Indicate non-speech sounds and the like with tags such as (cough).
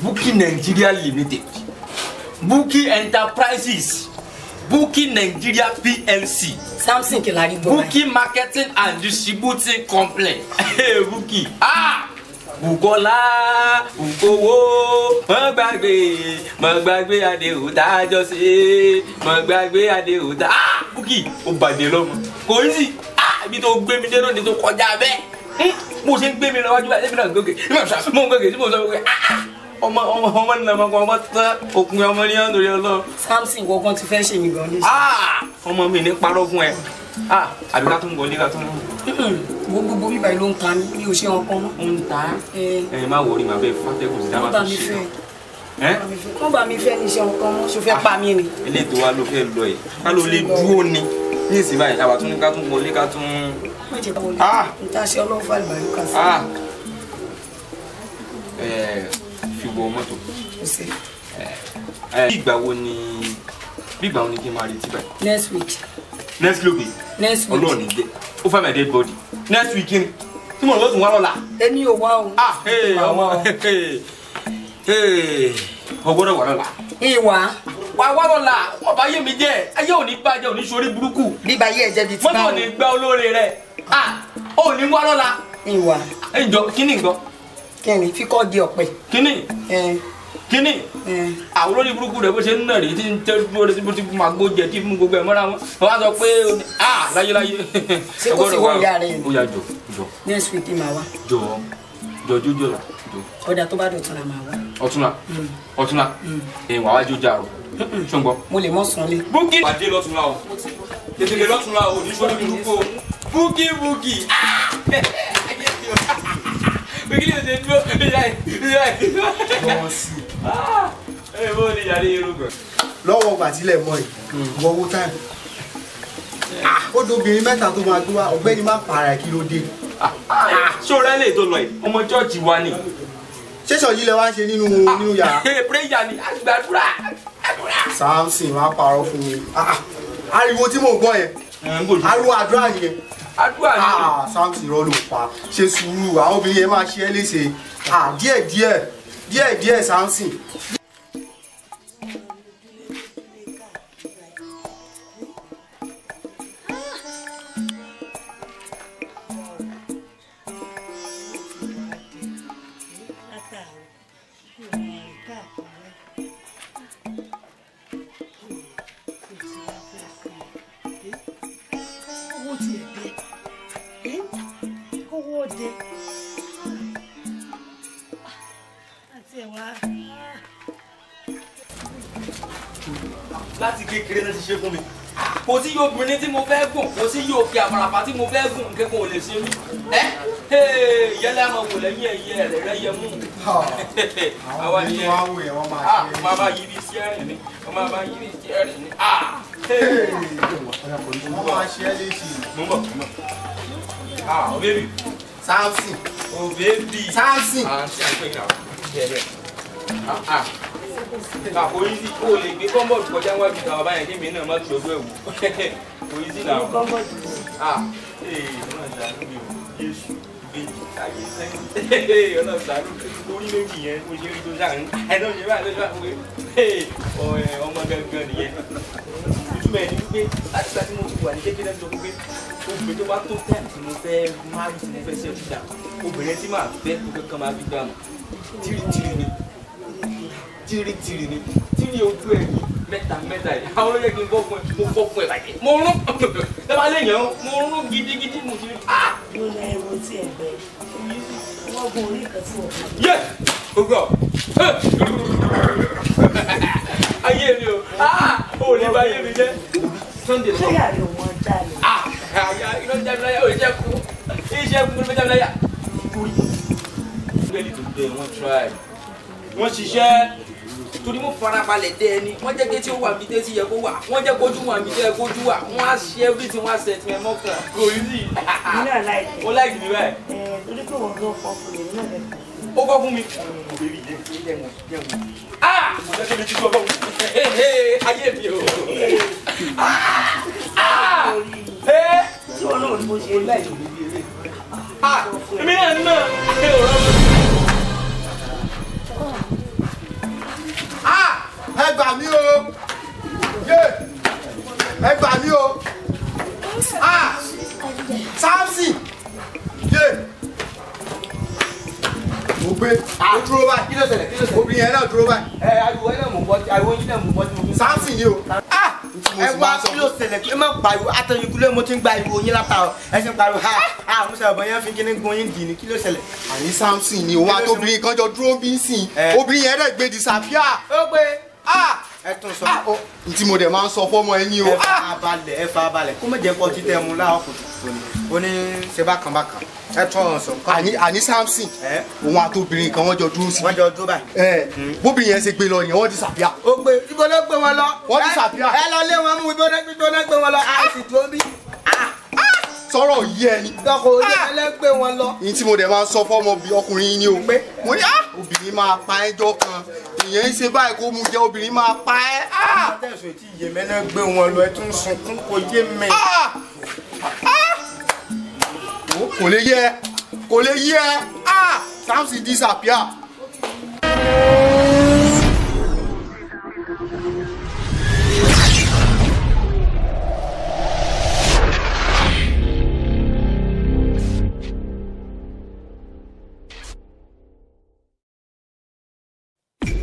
Bukki Nigeria Limited, Bukki Enterprises, Bukki Nigeria PLC, Samson Kilari Bukki Marketing and Distributing Company, hey, Bukki. Ah! Bukola Bukowo mọ gbàgbé mọ gbàgbé àdéhùn tá a jọ ṣe mọ gbàgbé àdéhùn o bàdé lọ́mọ kò í sì ah! ibi tó gbé mi dé náà ni tó kọjá bẹ́ẹ̀ eh? mo ṣe ń gbé mi lọ wájú báyìí ẹ̀mí náà gbé òkè mo ń gbé òkè tí mo sọ pé ah ọmọ ọmọ ọmọ nàmọ kan ọmọ tẹ òkun ọmọ ní ọdún rẹ lọ. samson kankan ti fẹ́ ṣe mí gan ní. Ah! ọmọ mi ní parọ́ fún ẹ ah! àbí ká tó ń wọlé ká tó ń wọlé. wo gbogbo bíbá yìí ló ń ta ní bí o ṣe ọkàn mọ́. ń ta ẹ má wọrí màá bẹ fàtẹ́kùn sí dáhùn àti ṣe wọ́n bá mi fẹ́ ní iṣẹ́ ọkàn mọ́ ṣo fẹ́ pa mí ni. eléyìí tó wá ló fẹ́ lọ yìí ká ló lè dúró ni ní ìsìn báyìí àwa tún ní ká tún wọlé ká tún. má jẹ́ ká wọlé níta ah! ṣe ọlọ́fà ìbàlùkà sí wọ mọ́tò. Eh, eh, ìgbà wo ni bí ìgbà wo ni kí n máa retí báyìí. next week. next week. next week. ọlọ́run ní dé ó fẹ́ mi dead body next week ni tí mo lọ sùn wá lọ́la. èmi ò wá o. ah ee o gbọ́dọ̀ wà lọ́la. ìwà. wà wà lọ́la ọba ayé mi jẹ ayé ò ní bàjẹ́ ò ní sori burúkú. bíbá ayé ẹ̀jẹ̀ bíi ti báwo. mọ́tò ò ní gbá olóore rẹ̀ ah ò ní wà lọ́la. ìwà. ẹ jọ kí ni nǹkan kẹrin fíkọ́ di ọ̀pẹ. kíní kíní àwọn olórí burúkú rẹ bó ṣe ń nà rí tí ń tẹ bó ṣe ti máa gbó jẹ tí mú gbogbo ẹ mọ́ra wọn wọn sọ pé a láyéláyé. ṣé kò sí wọ́n yára yẹn. ó yà jọ jọ. next week máa wá. jọ jọ jọ jọ. ọ̀dà tó bá dọ̀tún la máa wá. ọ̀túnla hmm. ọ̀túnla ìwà wájú jà o ṣùgbọ́n. mo lè mọ sàn lé. búkì lọ́túnla o tètè lọ́túnla o ní sọ́dún burúkú o búkì búkì. Ah! (laughs) bíkílì ò ṣe dúró ìyá ìyá ìyá. wọ́n sì. ẹ bó ni yàrá irú gan. lọ́wọ́ ọgbà tílẹ̀ mọ́ yìí wọ́n wó táìmù. Ah, ó dobìnrin mẹ́ta tó máa gbé wa ọ̀gbẹ́ni má para kí ló dé. ṣóra lè tó lọ yìí ọmọ chọ́ọ̀chì wa ni. ṣéṣọ yìí lẹ wá ń ṣe nínú nínú yàrá. pírẹ́yà ni àgbàdúrà. Samson má parọ́ fún mi ah, ah, ariwo tí mò ń gbọ́ yẹn ariwo àdúrà yẹn àdúrà ni. Ah, Samson irọ́ ló pa ṣe sùúrù àwọn obìnrin yẹn máa ṣe é léṣe ah, díẹ̀ díẹ̀ díẹ̀ díẹ̀ Samson láti kékeré náà ti ṣe fún mi kò sí yóò obìnrin tí mo fẹ́ gùn kò sí yóò fi àfarapa tí mo fẹ́ gùn nǹkan ò lè ṣe mí ẹ yẹlẹ àmọ wò lẹ́yìn ẹyẹ rẹ rẹ yẹ mú ah, (laughs) àwa ni ẹ ah, máa bá yí bí iṣẹ́ rìn ní bá yí bí iṣẹ́ rìn ní. máa ṣe é léṣe. mo bọ̀ mo bọ̀ ah o bẹ́ẹ̀ bi. Samson. o bẹ́ẹ̀ bi. Samson. à ń ṣe àpẹẹrẹ àwọn kàkó yìí kó o lè gbé kọ́mbọ̀dù kọjá wá ju tàwa báyẹn kémi náà má tòógbó ẹ̀wò (laughs) kò yìí sí náà. kọ́mbọ̀dù ah ee eh, ọlọ́run ṣàánú mi ò yéṣu ìbejì ayé sẹ́yìn (laughs) ọlọ́run ṣàánú orí méjì yẹn bó ṣe rí tó ṣàánú àìsàn (laughs) ṣe báyìí lọ́jọ́ àpò pé eh, ọmọ gangan nìyẹn ìtumọ̀ ẹ̀ ni wípé láti gba tí mo ti wà ní kékeré tó wípé obìnrin tó bá tó tẹ̀ tí mo fẹ́ máa rí fẹ́ ṣe é obìnrin tí màá fẹ́ kó kankan tìrìtìrì ni tìrì ojú ẹ yìí mẹ́ta mẹ́ta yìí àwọn olóyè kí n bọ́ fún ẹ mo bọ́ fún ẹ báyìí mo rún dábàá lè yàn mo rún gidigidi mo ti rí. mo lọ ẹrù tí ẹ bẹ wọn gun orí kan tí wọn. yé ogbọ ayé mi o ò ní bá ayé mi jẹ Sunday lọ. sóyà rẹ wọn dá mi. àyà iná jáde láyà ò jẹ kú iṣẹ kú ló jáde láyà. wọ́n ṣiṣẹ́ torí mo farabalẹ̀ dẹ ẹni wọ́n jẹ́ kétí ó wà mí dé tí yẹ kó wà wọ́n jẹ́ kójú wà mí dé kójú wà wọ́n á ṣe everything wọ́n á set mi ẹmọ kan kò rí sí i. mi náà láìpẹ́ o láìpẹ́ mi báyìí. ẹ eh, torí pé wọn gbọ́ fọ́ fún mi náà lẹ́kọ̀ọ́. ó kọ́ fún mi. ah ọ̀dọ́kẹ́ ah! mi ti gbọ́ fún mi ayé mi o. ah ah ẹ. Ah! tí wọn ah! náà ni mo ṣe láì mi náà náà. gbà mí o ẹ gbà mí o Samson mo gbé mo dúró báyìí kí ló ṣẹlẹ̀ kí ló ṣẹlẹ̀ obìnrin yẹn náà dúró báyìí. ẹ ariwo yín náà mo bọ́ ariwo yín náà mo bọ́ tí mo fi. Samson yìí o. ẹ wá kí ló ṣẹlẹ̀ kí ẹ má pariwo atẹnukú lé mo ti ń gba ìwo yín látàrọ ẹ sì ń pariwo ha ha mo sọ̀rọ̀ bọ́yá fi kíní gun yín dì ní kí ló ṣẹlẹ̀. àní Samson ni òun àti obìnrin kan jọ dúró bí ń sìn obìnrin yẹn rẹ̀ gbé disapia. ó gbé Ah! ẹ tún sọ ọ ntí mo dẹ̀ máa ń sọ fọ́mọ ẹ̀yìn o. ẹ fa balẹ̀ ẹ fa balẹ̀ kó mẹjẹ kọ títẹ mu láwọn kùtùkùtù ni ó ní ṣe bákan bákan ẹ tún ọ̀rọ̀ sọ. àní àní samson òun àti obìnrin kan wọ́n jọ dúró sí. wọ́n jọ dúró báyìí. ẹ hmm. bóbìnrin yẹn ṣe gbé lọ yẹn wọ́n ti sàbíà. ó gbé ibo gbé wọn lọ. wọ́n ti sàbíà. ẹ lọ lé wọn mú ibo gbé wọn lọ. a sì ah! dúró bí sọ̀rọ̀ yìí ẹni. dọ́kọ̀ orí ẹlẹ́gbẹ́ wọn lọ. ní tí mo dẹ̀ máa ń sọ fọ́mọ ọkùnrin ni o. mo ní ah! obìnrin máa pa ẹjọ́ kan ìyẹn ń ṣe báyìí kó mu jẹ obìnrin máa pa ẹ́. Ah! tẹ̀sán tí ìyèmẹ́lẹ́ gbé wọn lọ ẹ tún sunkún kò yé mi. Ah! kò lè yẹ kò lè yẹ Samson disappear.